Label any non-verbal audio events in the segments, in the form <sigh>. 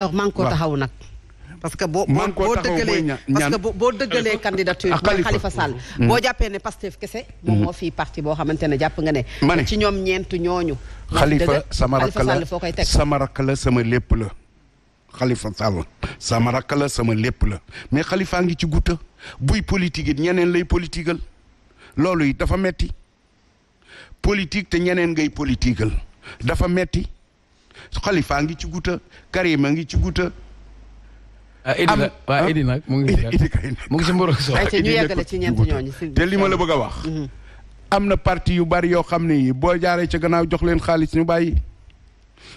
man maa ngi ko taxaw nag. parce que boo boo dëggalee parce que boo dëggalee candidature ah, mooy Khalifa Sall mm. boo jàppee ne Pastef kese moom mm. moo fii parti boo xamante ne jàpp nga ne ci ñoom ñeent ñooñu Khalifa sama rakk la foo koy teg sama rakk la sama lépp la Khalifa Sall sama rakk sama lépp la mais xalifaa ngi ci gutta buy politique ñeneen lay politigal loolu it dafa metti politique te ñeneen ngay politigal dafa metti xalifaa ngi ci guta karima ngi ci guta ah, am waaw Idi nag mu mu ngi si mburu so ñu yeggale te li ma la bëgg a wax mm-hmm. am na parti yu bari yoo xam ne boo jaaree ci gannaaw jox leen xaalis ñu bàyyi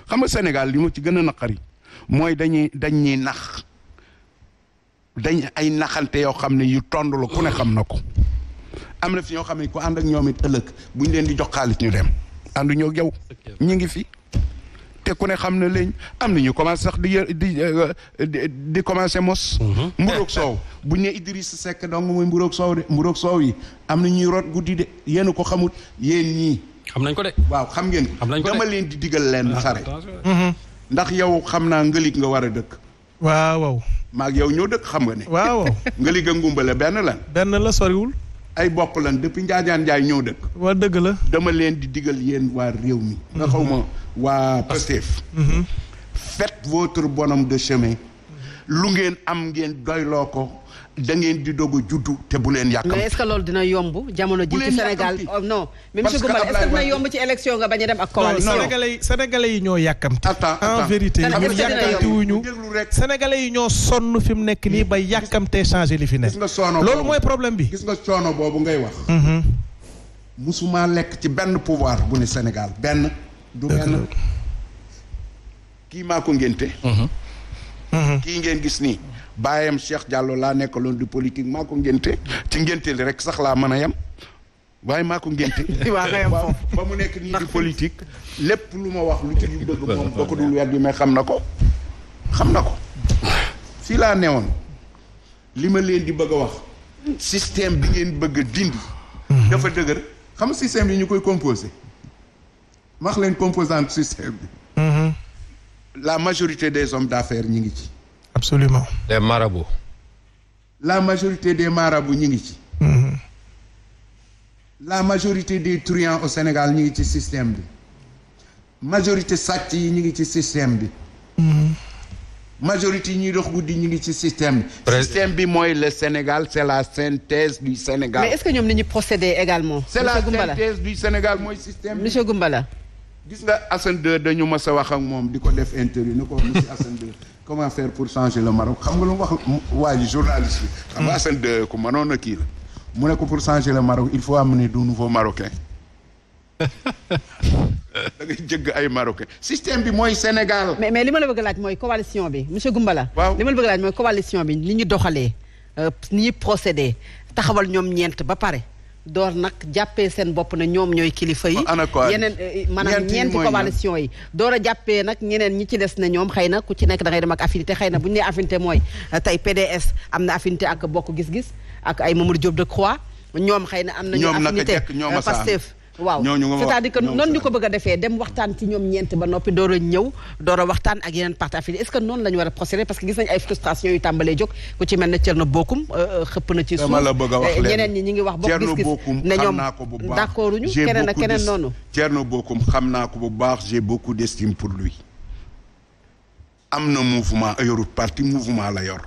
xam nga Sénégal li ma ci gën a naqari mooy dañuy dañ nax dañ ay naxante yoo xam ne yu tond la ku ne xam na ko am na fi ñoo xam ne ku ànd ak ñoom it ëllëg bu ñu leen di jox xaalis ñu dem àndu ñoo yow ngi fi te ku ne xam na leen am na ñu commencé sax di euh, di di commencé mos. Mhm. mburoog soow bu ñu nee sekk Seck dong mooy mburoog soow de mburoog soow yi am na ñuy root guddi de yéen ko xamut yéen ñi xam nañ ko de. waaw xam ngeen ko dama leen di digal leen xare. Ah, mhm. ndax yow xam naa ngëlig nga war a dëkk. waaw waaw. maag yow ñoo dëkk xam nga ne. waaw <laughs> ngëlig a ngumbale benn la benn la soriwul. ay bokk lan depuis Njaajaan Njaay ñëw dëkk. waa dëgg la. dama leen di digal yéen waa réew mi. nga xaw ma waa Pastef. Mhm. faites votre bonhomme de chemin. lu ngeen am ngeen doyloo ko. da ngeen di doog a juddu te bu leen yàkkamti. mais est-ce que loolu dina yomb jamono ji ci Sénégal oh non. mais monsieur Goumbal est-ce que dina yomb ci élection nga bañ a dem ak. coalition sénégalais yi sénégalais yi ñoo yàkkamti. en vérité ñun yàkkamti wuñu yi ñoo sonn fi mu nekk nii ba yàkkamtee changé li fi nekk. loolu mooy problème bi. gis nga coono boobu ngay wax. Mhm. musuma lekk ci benn pouvoir bu ne Sénégal benn. du benn kii maa ko ngénte. Mhm. Mhm. kii ngeen gis nii. baayam Cheikh Diallo laa nekkaloon du politique maa ko ngénte ci ngénte li rek sax laa mën a yem waaye maa ko ngénte <laughs> waaw ba mu nekk nii di politique lépp lu ma wax lu ci lu dëgg moom boo ko dul weddi mais xam na ko xam na ko fii laa newoon li ma leen di bëgg a wax système bi ngeen bëgg a dindi dafa dëgër xam système yi ñu koy composé wax leen composante système bi mm-hmm. la majorité des hommes d'affaires ñi ngi ci absolument les marabouts. la majorité des marabouts ñu ngi ci. Mm-hmm. la majorité des truands au Sénégal ñu ngi ci système bi. majorité sàcc yi ñu ngi ci système bi. Mm-hmm. majorité yi ñuy dox guddi ñu ngi ci système bi. système bi mooy le Sénégal c' est la synthèse du Sénégal. mais est ce que ñoom ni ñu procédé également. c' est la synthèse du Sénégal mooy système bi monsieur Goumbala. gis nga Assane 2 dañu mas a wax ak moom di ko def interview ni ko monsieur Assane 2 comment faire pour changer la Maroc xam nga lu mu wax waa ji bi. xam nga hmm. Assane de ku kii la. mu ne ko pour changer la Maroc il faut amener du nouveau Marocain. <laughs> da ngay ay Marocain système bi mooy Sénégal. mais mais li ma la bëgg laaj mooy coalition bi monsieur Goumbala. waaw li ma la bëgg laaj mooy coalition bi ni ñu doxalee. Euh, ni ñu procédé taxawal ñoom ñeent ba pare. door nag jàppe seen bopp na ñoom ñooy kilifa yi yeneen eh, eh, maanaam ñeenti coalition yi door a jàppee nag ñeneen ñi ci des na ñoom xëy na ku ci nekk da ngay dem ak affinité xëy na bu ñu nee affinité mooy eh, tey PDS am na affinité ak bokk gis-gis ak ay Mamadou de Decroix ñoom xëy na am nañu affinité Pastef waaw c'est-à-dire que noonu ñu ko bëgg a defee dem waxtaan ci ñoom ñeent ba noppi door a ñëw door a waxtaan ak yeneen parti affilié est-ce que noonu la ñu war a procéder parce que gis nañu ay frustration yu tàmbalee jóg ku ci mel ne Thierno Bocoum euh, euh, xëpp na ci suuf eh, ñeneen ñi ñi ngi wax bokk gis-gis ne ñoom d'accord uñu keneen ak xam naa ko bu baax j'ai beaucoup d'estime pour lui am na mouvement yorut parti mouvement la yor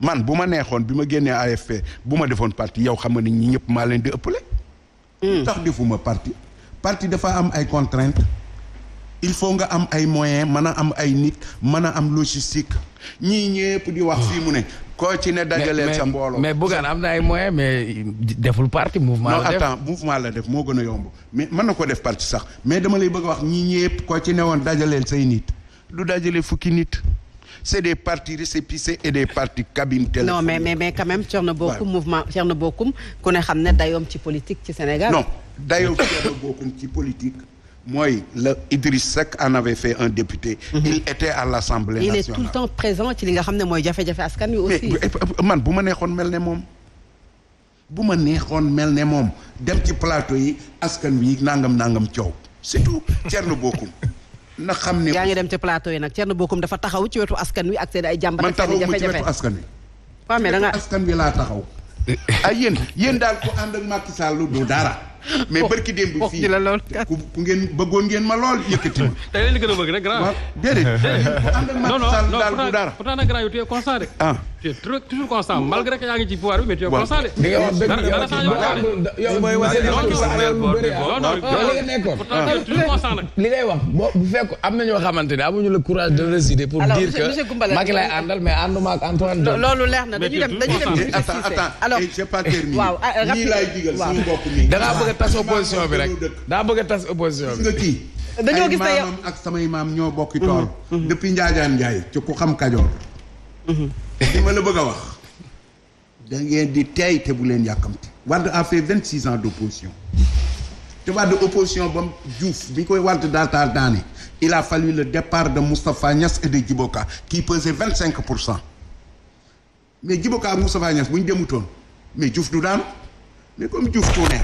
man bu ma neexoon bi ma génnee AFP bu ma defoon parti yow xam nga ni ñi ñëpp maa leen di ëpp ëppale Hmm. lu tax defuma parti parti dafa am ay contraintes il faut nga am ay moyens mën a am ay nit mën a am logistique ñii ñëpp di wax fii mu ne koo ci ne dajaleel sa mbooloo mais Bougane am na ay moyen mais deful parti mouvement la def non attends la def moo gën a yomb mais mën na ko def parti sax mais dama lay bëgg wax ñii ñëpp koo ci ne woon dajaleel say nit lu dajale fukki nit c'est des partis récépissés et des partis cabine téléphonique. mais mais mais quand même Thierno Bocoum mouvement Thierno Bocoum ku ne xam ne dayoom ci politique ci Sénégal. non dayoom Thierno Bocoum ci politique. mooy la Idriss Seck en avait fait un député. Mhm. il était à l'Assemblée nationale. il est tout le temps présent ci li nga xam ne mooy jafe-jafe askan wi aussi. Eh, eh, man bu ma neexoon mel ne moom. ma neexoon mel ne moom dem ci plateau yi askan wi nangam nangam coow c'est tout Thierno <laughs> na xam ne. yaa ngi dem ci plateau yi nag Thierno Bocoum dafa taxaw ci wetu askan wi ak seen ay jàmbat ak seen i jafe-jafe man taxaw ma ci wetu askan wi. waaw mais da nga askan wi laa taxaw. ay yéen yéen daal ku ànd ak Macky Sall du dara. mais barki démb fii ku ngeen bëggoon ngeen ma lool yëkkati ma. <laughs> da leen gën a bëgg rek grand. déedéet <laughs> ku ànd ak Macky Sall daal daal du dara pourtant nag grand yow tu es constant de. ah tu es toujours constant malgré que yaa ngi ci pouvoir bi mais tu es constant de. yow li ah. ngay bu fekk am na ñoo xamante ne amuñu le courage de résister pour dire que Macky lay àndal mais ànduma ak Antoine Diome. loolu leer na dañu dem dañu dem. attends attends alors j'ai pas ah, dangaa bëgg a tas opposition bi rek. daa bëgg tas opposition bi. dañoo gis ne yow ak samay maam ñoo bokki tool. Mhm. depuis Njaajaan Njaay ci ku xam Kajoor. Mhm. li ma la bëgg a wax. da ngeen di tey te bu leen yàkkamti. Wade a vingt six ans de opposition. te Wade opposition ba mu Diouf bi koy Wade daataal daane. il a fallu le départ de Moustapha Niass et de Djiboka qui pesait vingt cinq pour cent. mais Djiboka ak Moustapha Niass bu ñu demutoon mais Diouf du daal mais comme Diouf tuune la.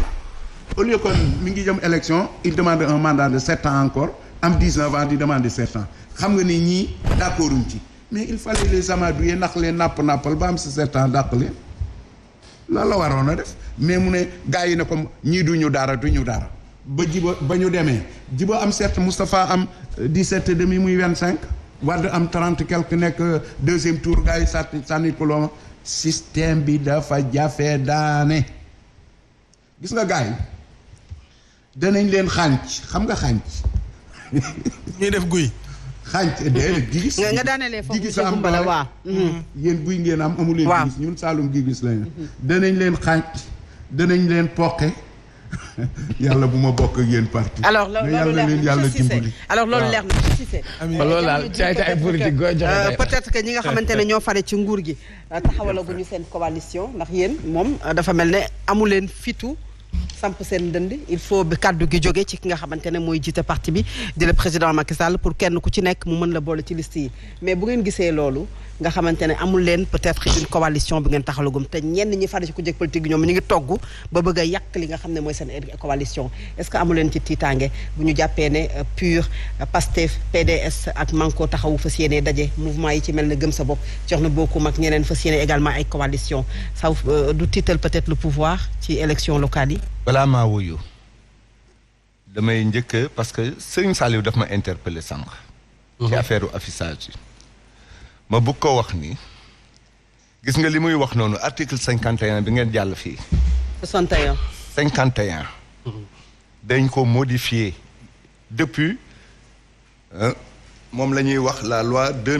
au lieu kon mi ngi jëm élection il demande un mandat de sept ans encore am dix-neuf ans di demande sept ans xam nga ni ñii d'accorduñ ci mais il fallait les amadouer ndax leen nàpp nàppal ba am si sept ans dàq leen loolu la waroon a def mais mu ne gars yi ne comme ñii duñu dara duñu dara ba jiba ba ñu demee jibo am sept Moustapha am dix-sept demi muy vingt-cinq Wade am trente quelque nekk deuxième tour gars yi sànni sànni koloma système bi dafa jafe daane gis nga gars yi danañ leen xànc xam nga xànc. ñuy def guy. xànc déedéet gigis. nga daanelee foofu gigis am bala waa mm-hmm. mm-hmm. yéen guy ngeen am amu leen ñun Saalum gigis lañu. Mm-hmm. danañ leen xànc danañ leen poqe. yàlla bu ma bokk ak yéen parti. alors loolu leer na yàlla dimbali alors loolu leer na Cissé. amiin loolu daal euh, peut-être que ñi nga xamante ne ñoo fare ci nguur gi <laughs> taxawalaguñu seen coalition ndax yéen moom euh, dafa mel ne amu leen fitu. samp seen dënd il faut bi kàddu gi jóge ci ki nga xamante ne mooy jiite parti bi di le président Macky Sall pour kenn ku ci nekk mu mën la boole ci liste yi mais bu ngeen gisee loolu nga xamante ne amul leen peut-être une coalition bi ngeen taxalagum te ñenn ñi fare ci ku jëkk politique ñoom ñu ngi togg ba bëgg a yàq li nga xam ne mooy seen coalition est-ce que amul leen ci tiitaange bu ñu jàppee ne euh, PUR euh, PASTEF PDS ak Manko taxawu fas yéene daje mouvement yi ci mel ne gëm sa bopp jox na bokkum ak ñeneen fas yéene également ay coalition saw euh, du tiital peut-être le pouvoir ci élection locale yi balaa maa wuyu damay njëkk parce que sëñ Saliou daf ma interpellé sànq. ci mhm. affaire u yi. ma bëgg ko wax ni gis nga li muy wax noonu article cinquante et bi ngeen jàll fii. soixante cinquante et mhm. dañ ko modifié depuis moom lañuy wax la loi